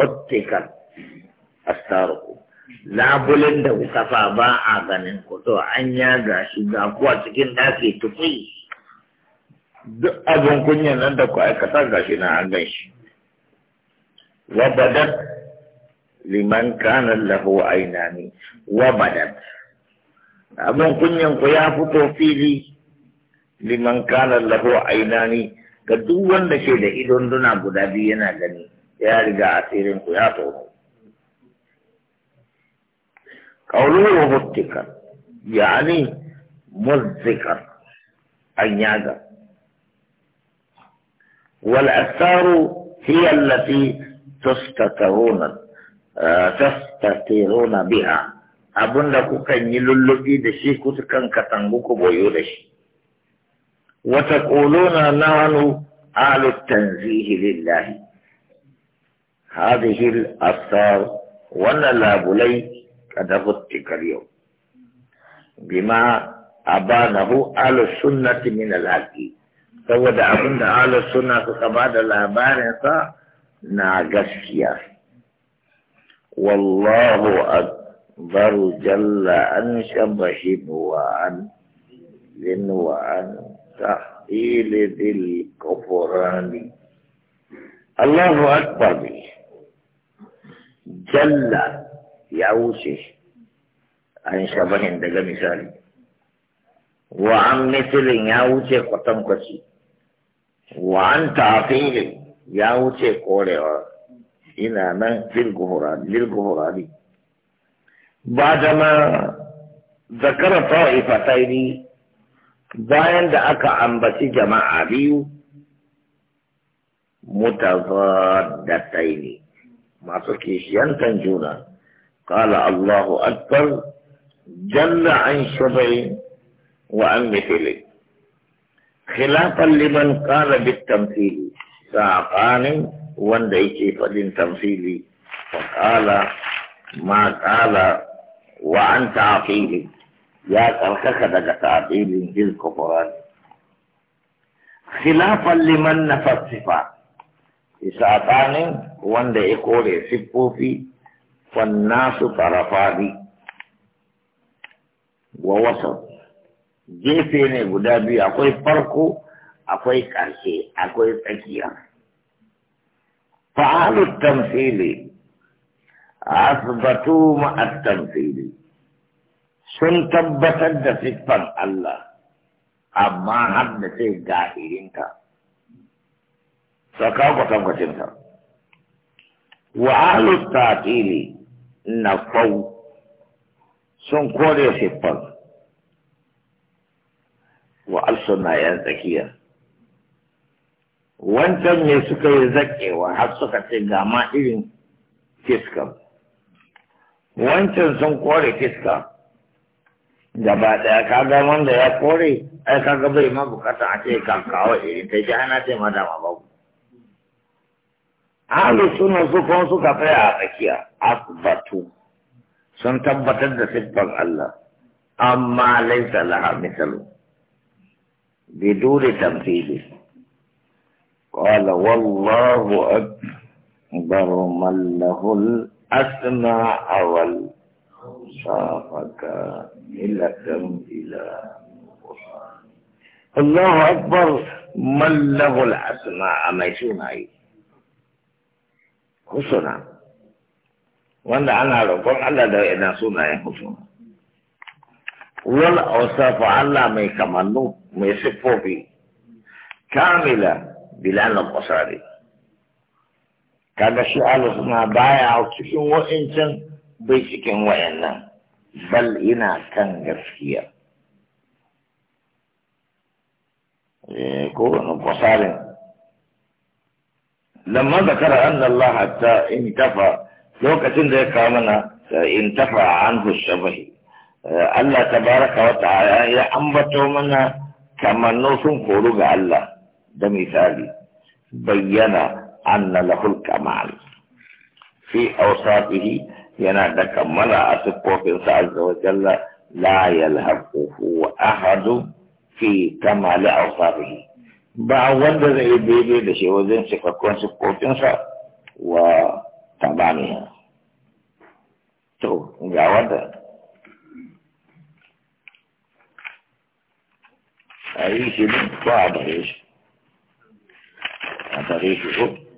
ottikan astaruku labulin da kuka fa ba a ganin ku to an ya shi ga kuwa cikin ɗaki tufi duk abin kunya nan da ku aikata gashi na an gan shi wa badat liman kana lahu ainani wa badat abin kunyan ku ya fito fili liman kana lahu ainani ga duk wanda ke da idon duna guda biyu yana gani يرجع سير قياته قوله وبتكر يعني مذكر أنياغا والأثار هي التي تستترون آه، تستطيعون بها أبن لكو كان يللوكي دشي كتكن كتنبوكو بيولش وتقولون نحن أهل التنزيه لله هذه الأثار وأن لا بلي قد غطك اليوم بما أبانه أهل السنة من الأكيد فود أبن أهل السنة فبعد الأبان ناقشيا والله أكبر جل أن شبه وأن ذن وأن تحيل ذي الكفران الله أكبر بيه. jalla ya wuce an shabahin daga misali wa an misilin ya wuce kwatankwaci wa an tafilin ya wuce korewa ina nan lilguhurari ba da ma zakara ta'ifataini bayan da aka ambaci jama'a biyu mutazadataini masu kishiyantan juna qala allahu akbar jalla an shubai wa an mithili khilafan liman qala bit tamthili safanin wanda yake fadin tamthili fa qala ma qala wa an aqili ya tsarkaka daga ta'abilin jil kufran khilafan liman nafasifa saɓanin wanda ya kore siffofi fannasu farafari, wa wasa gefe ne guda biyu akwai farko akwai ƙarshe akwai tsakiya fa'alu tamfili asbatu ma'at tamfili sun tabbatar da siffan Allah amma har da sai ga irinta saka kwatankwacin ta wa ahlu tatili na fau sun kore siffar wa na yan tsakiya wancan ne suka yi zaƙewa har suka ce ga ma irin fiskar wancan sun kore fiska gaba ɗaya ga wanda ya kore ai kaga bai ma bukata a ce kan kawo irin ta ji ana ce ma dama babu ahlu suna su kuma suka tsaya a tsakiya asbatu sun tabbatar da siffar Allah amma laisa laha misalu bidure tamthili qala wallahu akbar man lahul asma awal safaka milatan ila الله أكبر من له الأسماء ما يسون عليه husna wanda ana roƙon Allah da ina sunayen husna wal awsafa Allah mai kamannu mai siffofi kamila bilal al-qasari kaga shi Allah suna baya cikin wa'incan bai cikin wayannan bal ina kan gaskiya eh, ko na لما ذكر أن الله حتى انتفى لو كتن ذي كامنا انتفى عنه الشبه الله تبارك وتعالى يا أنبتوا منا كما نوسم خلوق الله ده مثال بين أن له الكمال في أوصافه ينادى كملا أسقوا في عز وجل لا يلهقه أحد في كمال أوصافه ba wanda zai daidai da shi wajen cikakkun siffofinsa wa tamaniya to ga wanda a yi shi ba ko a bare shi a bare shi ko